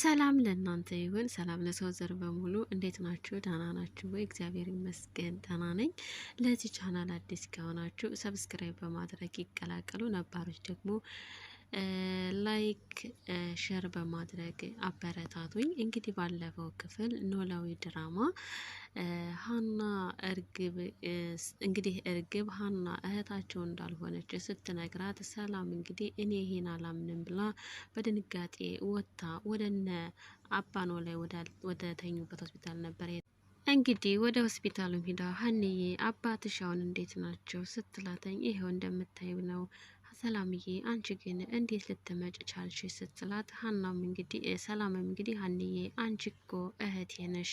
ሰላም ለእናንተ ይሁን። ሰላም ለሰው ዘር በሙሉ እንዴት ናችሁ? ደህና ናችሁ ወይ? እግዚአብሔር ይመስገን ደህና ነኝ። ለዚህ ቻናል አዲስ ከሆናችሁ ሰብስክራይብ በማድረግ ይቀላቀሉ። ነባሮች ደግሞ ላይክ ሸር በማድረግ አበረታቱኝ። እንግዲህ ባለፈው ክፍል ኖላዊ ድራማ ሀና እርግብ እንግዲህ እርግብ ሀና እህታቸው እንዳልሆነች ስትነግራት ሰላም እንግዲህ እኔ ይሄን አላምንም ብላ በድንጋጤ ወጥታ ወደነ አባ ኖላዊ ወደ ተኙበት ሆስፒታል ነበር እንግዲህ ወደ ሆስፒታሉ ሂዳ ሀንዬ አባትሽ አሁን እንዴት ናቸው ስትላተኝ ይኸው እንደምታዩ ነው ሰላምዬ አንቺ ግን እንዴት ልትመጭ ቻልሽ? ስትላት ሀናም እንግዲህ ሰላምም እንግዲህ ሀንዬ አንቺ እኮ እህቴ ነሽ።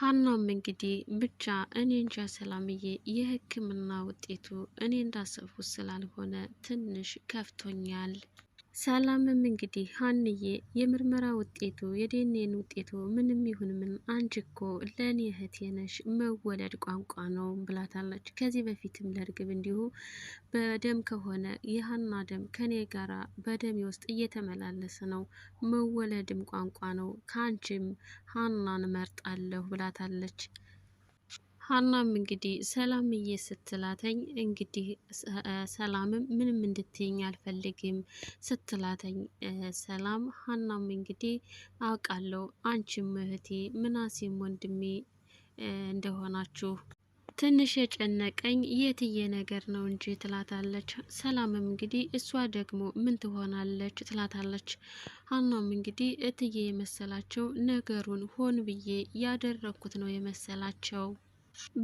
ሀናም እንግዲህ ብቻ እኔ እንጃ ሰላምዬ የሕክምና ውጤቱ እኔ እንዳሰብኩት ስላልሆነ ትንሽ ከፍቶኛል ሰላምም እንግዲህ ሀንዬ የምርመራ ውጤቱ የዲኤንኤን ውጤቱ ምንም ይሁን ምን አንቺ እኮ ለእኔ እህቴ ነሽ መወለድ ቋንቋ ነው ብላታለች። ከዚህ በፊትም ለእርግብ እንዲሁ በደም ከሆነ የሀና ደም ከኔ ጋራ በደሜ ውስጥ እየተመላለሰ ነው፣ መወለድም ቋንቋ ነው፣ ከአንቺም ሀናን መርጣለሁ ብላታለች። ሀናም እንግዲህ ሰላምዬ ስትላተኝ እንግዲህ ሰላምም ምንም እንድትይኝ አልፈልግም ስትላተኝ ሰላም ሀናም እንግዲህ አውቃለሁ አንቺም እህቴ ምናሴም ወንድሜ እንደሆናችሁ ትንሽ የጨነቀኝ የትዬ ነገር ነው እንጂ ትላታለች። ሰላምም እንግዲህ እሷ ደግሞ ምን ትሆናለች ትላታለች። ሀናም እንግዲህ እትዬ የመሰላቸው ነገሩን ሆን ብዬ ያደረግኩት ነው የመሰላቸው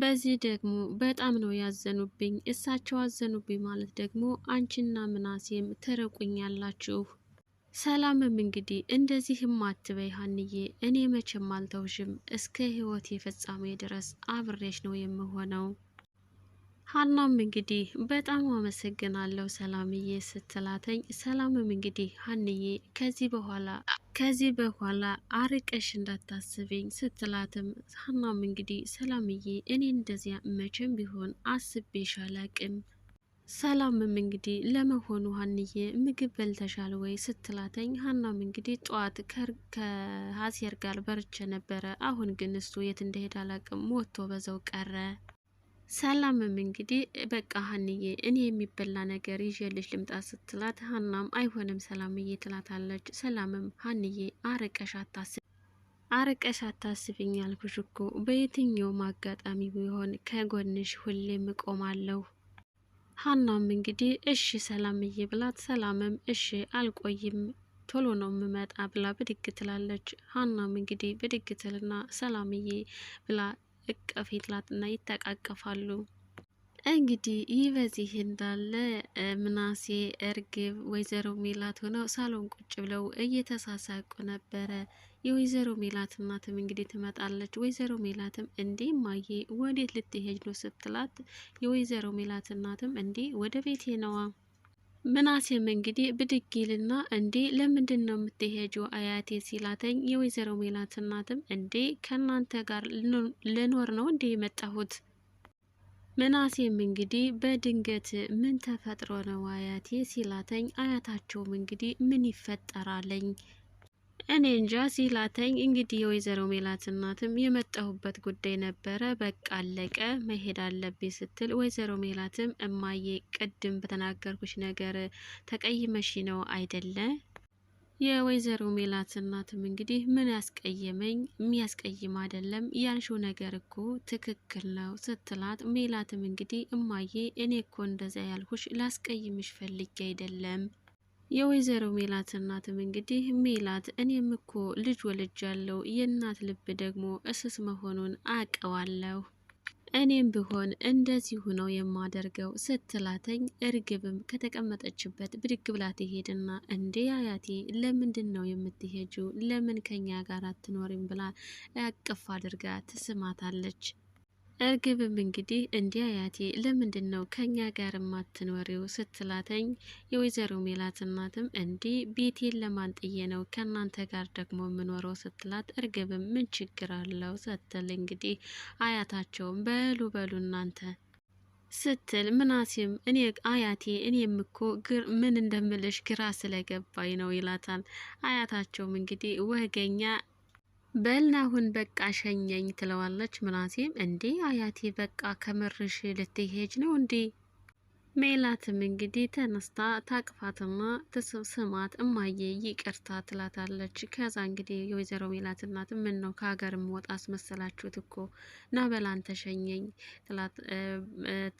በዚህ ደግሞ በጣም ነው ያዘኑብኝ። እሳቸው አዘኑብኝ ማለት ደግሞ አንቺና ምናሴም ትርቁኛላችሁ። ሰላምም እንግዲህ እንደዚህም አትበይ ሀንዬ፣ እኔ መቼም አልተውሽም እስከ ህይወት ፍጻሜ ድረስ አብሬሽ ነው የምሆነው ሀናም እንግዲህ በጣም አመሰግናለሁ ሰላምዬ ስትላተኝ፣ ሰላምም እንግዲህ ሀንዬ ከዚህ በኋላ ከዚህ በኋላ አርቀሽ እንዳታስብኝ ስትላትም፣ ሀናም እንግዲህ ሰላምዬ እኔ እንደዚያ መቼም ቢሆን አስቤሽ አላቅም። ሰላምም እንግዲህ ለመሆኑ ሀንዬ ምግብ በልተሻል ወይ ስትላተኝ፣ ሀናም እንግዲህ ጠዋት ከሀሴር ጋር በርቼ ነበረ። አሁን ግን እሱ የት እንደሄድ አላቅም፣ ሞቶ በዛው ቀረ ሰላምም እንግዲህ በቃ ሀንዬ እኔ የሚበላ ነገር ይዤልሽ ልምጣ ስትላት ሀናም አይሆንም ሰላምዬ ትላታለች። ሰላምም ሀንዬ አርቀሽ አታስብ አርቀሽ አታስብኝ አልኩሽ እኮ በየትኛውም አጋጣሚ ቢሆን ከጎንሽ ሁሌም እቆማለሁ። ሀናም እንግዲህ እሺ ሰላምዬ ብላት፣ ሰላምም እሺ አልቆይም ቶሎ ነው የምመጣ ብላ ብድግ ትላለች። ሀናም እንግዲህ ብድግ ትልና ሰላምዬ ብላ እቅፍ ይላትና ይተቃቀፋሉ። እንግዲህ ይህ በዚህ እንዳለ ምናሴ እርግብ ወይዘሮ ሜላት ሆነው ሳሎን ቁጭ ብለው እየተሳሳቁ ነበረ። የወይዘሮ ሜላት እናትም እንግዲህ ትመጣለች። ወይዘሮ ሜላትም እንዴ ማዬ ወዴት ልትሄጅ ነው ስትላት የወይዘሮ ሜላት እናትም እንዴ ወደ ቤቴ ነዋ ምናሴም እንግዲህ ብድግ ይልና እንዴ ለምንድን ነው የምትሄጁ አያቴ ሲላተኝ የወይዘሮ ሜላት እናትም እንዴ ከእናንተ ጋር ልኖር ነው እንዴ የመጣሁት ምናሴም እንግዲህ በድንገት ምን ተፈጥሮ ነው አያቴ ሲላተኝ አያታቸውም እንግዲህ ምን ይፈጠራለኝ እኔ እንጃ ሲላተኝ እንግዲህ የወይዘሮ ሜላት እናትም የመጣሁበት ጉዳይ ነበረ፣ በቃ አለቀ፣ መሄድ አለብኝ ስትል ወይዘሮ ሜላትም እማዬ ቅድም በተናገርኩሽ ነገር ተቀይመሽ ነው አይደለ? የወይዘሮ ሜላት እናትም እንግዲህ ምን ያስቀየመኝ የሚያስቀይም አይደለም ያልሽው ነገር እኮ ትክክል ነው ስትላት፣ ሜላትም እንግዲህ እማዬ እኔ እኮ እንደዚያ ያልኩሽ ላስቀይምሽ ፈልጌ አይደለም የወይዘሮ ሜላት እናትም እንግዲህ ሜላት እኔም እኮ ልጅ ወልጃለሁ፣ የእናት ልብ ደግሞ እስስ መሆኑን አቀዋለሁ። እኔም ብሆን እንደዚሁ ነው የማደርገው ስትላተኝ፣ እርግብም ከተቀመጠችበት ብድግ ብላ ትሄድና እንዴ አያቴ ለምንድን ነው የምትሄጁ? ለምን ከኛ ጋር አትኖሪም? ብላ ያቅፍ አድርጋ ትስማታለች። እርግብም እንግዲህ እንዲህ አያቴ ለምንድን ነው ከኛ ጋር የማትኖሪው ስትላተኝ የወይዘሮ ሜላት እናትም እንዲህ ቤቴን ለማን ጥዬ ነው ከእናንተ ጋር ደግሞ የምኖረው ስትላት እርግብም ምን ችግር አለው ስትል እንግዲህ አያታቸውም በሉ በሉ እናንተ ስትል ምናሴም እኔ አያቴ እኔም እኮ ምን እንደምልሽ ግራ ስለገባኝ ነው ይላታል። አያታቸውም እንግዲህ ወገኛ በልና አሁን በቃ ሸኘኝ ትለዋለች። ምናሴም እንዴ አያቴ በቃ ከምርሽ ልትሄጅ ነው እንዴ ሜላትም እንግዲህ ተነስታ ታቅፋትና ስማት እማዬ ይቅርታ ትላታለች። ከዛ እንግዲህ የወይዘሮ ሜላት እናት ምን ነው ከሀገር ወጣ አስመሰላችሁት እኮ ና ተሸኘኝ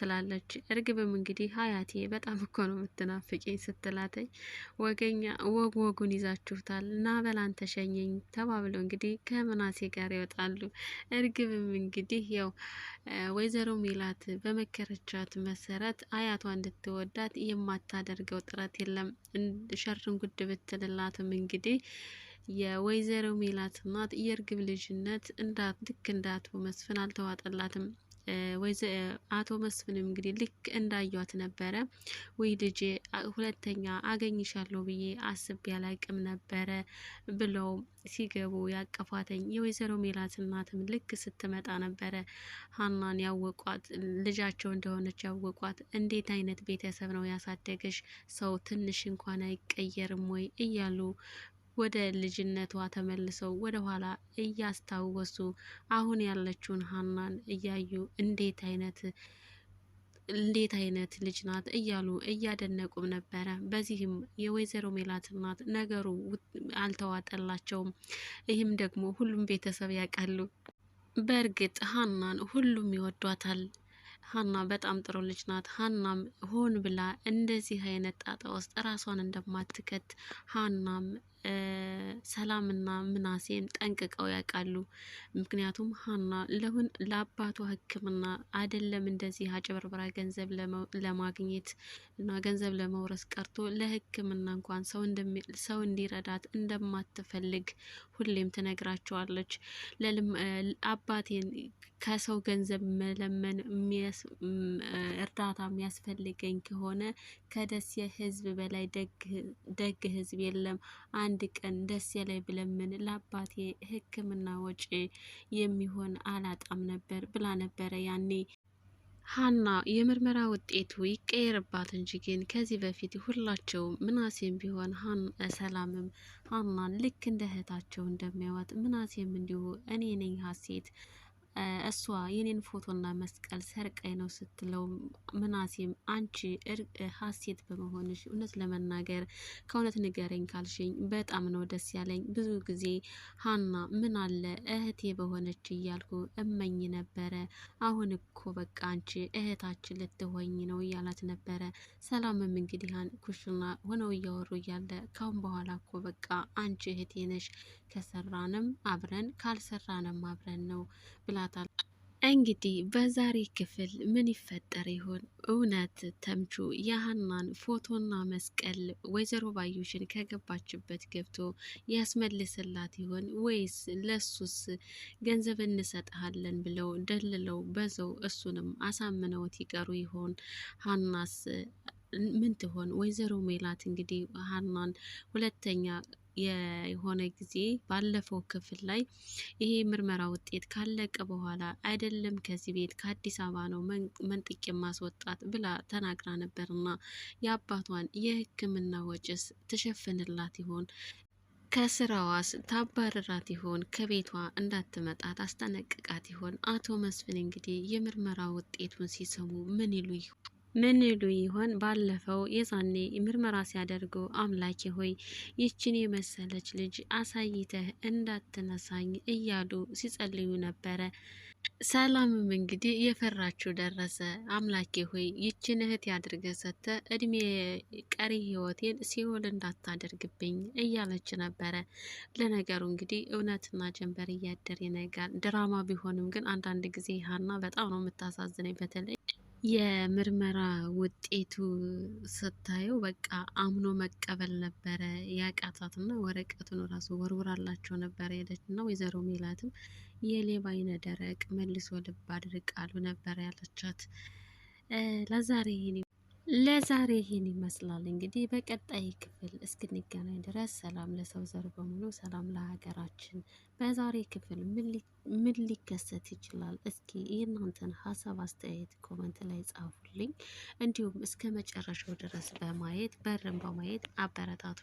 ትላለች። እርግብም እንግዲህ ሀያቴ በጣም እኮ ነው የምትናፍቂኝ ስትላተኝ ወገኛ ወግ ወጉን ይዛችሁታል ናበላን ተሸኘኝ ተባብለው እንግዲህ ከምናሴ ጋር ይወጣሉ። እርግብም እንግዲህ ያው ወይዘሮ ሜላት በመከረቻት መሰረት አያቷ እንድትወዳት የማታደርገው ጥረት የለም። ሸርን ጉድ ብትልላትም እንግዲህ የወይዘሮ ሜላት እናት የእርግብ ልጅነት እንዳት ልክ እንዳቶ መስፍን አልተዋጠላትም። አቶ መስፍንም እንግዲህ ልክ እንዳዩት ነበረ። ወይ ልጄ ሁለተኛ አገኝሻለሁ ብዬ አስቤ ያላቅም ነበረ ብለው ሲገቡ ያቀፏተኝ የወይዘሮ ሜላት እናትም ልክ ስትመጣ ነበረ ሀናን ያወቋት ልጃቸው እንደሆነች ያወቋት። እንዴት አይነት ቤተሰብ ነው ያሳደገሽ? ሰው ትንሽ እንኳን አይቀየርም ወይ እያሉ ወደ ልጅነቷ ተመልሰው ወደ ኋላ እያስታወሱ አሁን ያለችውን ሀናን እያዩ እንዴት አይነት እንዴት አይነት ልጅ ናት እያሉ እያደነቁም ነበረ። በዚህም የወይዘሮ ሜላት እናት ነገሩ አልተዋጠላቸውም። ይህም ደግሞ ሁሉም ቤተሰብ ያውቃሉ። በእርግጥ ሀናን ሁሉም ይወዷታል። ሀና በጣም ጥሩ ልጅ ናት። ሀናም ሆን ብላ እንደዚህ አይነት ጣጣ ውስጥ ራሷን እንደማትከት ሀናም ሰላምና ምናሴን ጠንቅቀው ያውቃሉ። ምክንያቱም ሀና ለሁን ለአባቷ ሕክምና አይደለም እንደዚህ አጭበርብራ ገንዘብ ለማግኘት እና ገንዘብ ለመውረስ ቀርቶ ለሕክምና እንኳን ሰው እንዲረዳት እንደማትፈልግ ሁሌም ትነግራቸዋለች። አባቴን ከሰው ገንዘብ መለመን እርዳታ የሚያስፈልገኝ ከሆነ ከደሴ ሕዝብ በላይ ደግ ሕዝብ የለም አንድ አንድ ቀን ደስ ያለኝ ብለምን ለአባቴ ሕክምና ወጪ የሚሆን አላጣም ነበር ብላ ነበረ ያኔ ሀና የምርመራ ውጤቱ ይቀየርባት እንጂ ግን ከዚህ በፊት ሁላቸውም ምናሴም ቢሆን ሰላምም ሀናን ልክ እንደ እህታቸው እንደሚያዋት ምናሴም እንዲሁ እኔ ነኝ ሀሴት እሷ የኔን ፎቶና መስቀል ሰርቃይ ነው ስትለው፣ ምናሴም አንቺ ሀሴት በመሆንሽ እውነት ለመናገር ከእውነት ንገረኝ ካልሽኝ በጣም ነው ደስ ያለኝ። ብዙ ጊዜ ሀና ምን አለ እህቴ በሆነች እያልኩ እመኝ ነበረ። አሁን እኮ በቃ አንቺ እህታችን ልትሆኝ ነው እያላት ነበረ። ሰላምም እንግዲህ ኩሽና ሆነው እያወሩ እያለ ካሁን በኋላ እኮ በቃ አንቺ እህቴ ነሽ፣ ከሰራንም አብረን ካልሰራንም አብረን ነው ብላ ይላታል። እንግዲህ በዛሬ ክፍል ምን ይፈጠር ይሆን? እውነት ተምቹ የሀናን ፎቶና መስቀል ወይዘሮ ባዩሽን ከገባችበት ገብቶ ያስመልስላት ይሆን ወይስ ለሱስ ገንዘብ እንሰጥሃለን ብለው ደልለው በዘው እሱንም አሳምነውት ይቀሩ ይሆን? ሀናስ ምን ትሆን? ወይዘሮ ሜላት እንግዲህ ሀናን ሁለተኛ የሆነ ጊዜ ባለፈው ክፍል ላይ ይሄ ምርመራ ውጤት ካለቀ በኋላ አይደለም ከዚህ ቤት ከአዲስ አበባ ነው መንጥቄ ማስወጣት ብላ ተናግራ ነበርና የአባቷን የሕክምና ወጭስ ትሸፍንላት ይሆን? ከስራዋስ ታባረራት ይሆን? ከቤቷ እንዳትመጣ ታስጠነቅቃት ይሆን? አቶ መስፍን እንግዲህ የምርመራ ውጤቱን ሲሰሙ ምን ይሉ ይሆን? ምን ይሉ ይሆን? ባለፈው የዛኔ ምርመራ ሲያደርጉ አምላኬ ሆይ ይችን የመሰለች ልጅ አሳይተህ እንዳትነሳኝ እያሉ ሲጸልዩ ነበረ። ሰላምም እንግዲህ የፈራችው ደረሰ። አምላኬ ሆይ ይችን እህት ያድርገ ሰተ እድሜ ቀሪ ህይወቴን ሲኦል እንዳታደርግብኝ እያለች ነበረ። ለነገሩ እንግዲህ እውነትና ጀንበር እያደር ይነጋል። ድራማ ቢሆንም ግን አንዳንድ ጊዜ ሀና በጣም ነው የምታሳዝነኝ በተለይ የምርመራ ውጤቱ ስታየው በቃ አምኖ መቀበል ነበረ ያቃታትና ወረቀቱን ራሱ ወርውራላቸው ነበረ ሄደች እና ወይዘሮ ሜላትም የሌባ አይነ ደረቅ መልሶ ልብ አድርቃሉ ነበረ ያለቻት። ለዛሬ ለዛሬ ይህን ይመስላል። እንግዲህ በቀጣይ ክፍል እስክንገናኝ ድረስ ሰላም ለሰው ዘር በሙሉ፣ ሰላም ለሀገራችን። በዛሬ ክፍል ምን ሊከሰት ይችላል? እስኪ የእናንተን ሀሳብ አስተያየት ኮመንት ላይ ጻፉልኝ። እንዲሁም እስከ መጨረሻው ድረስ በማየት በርን በማየት አበረታቱ።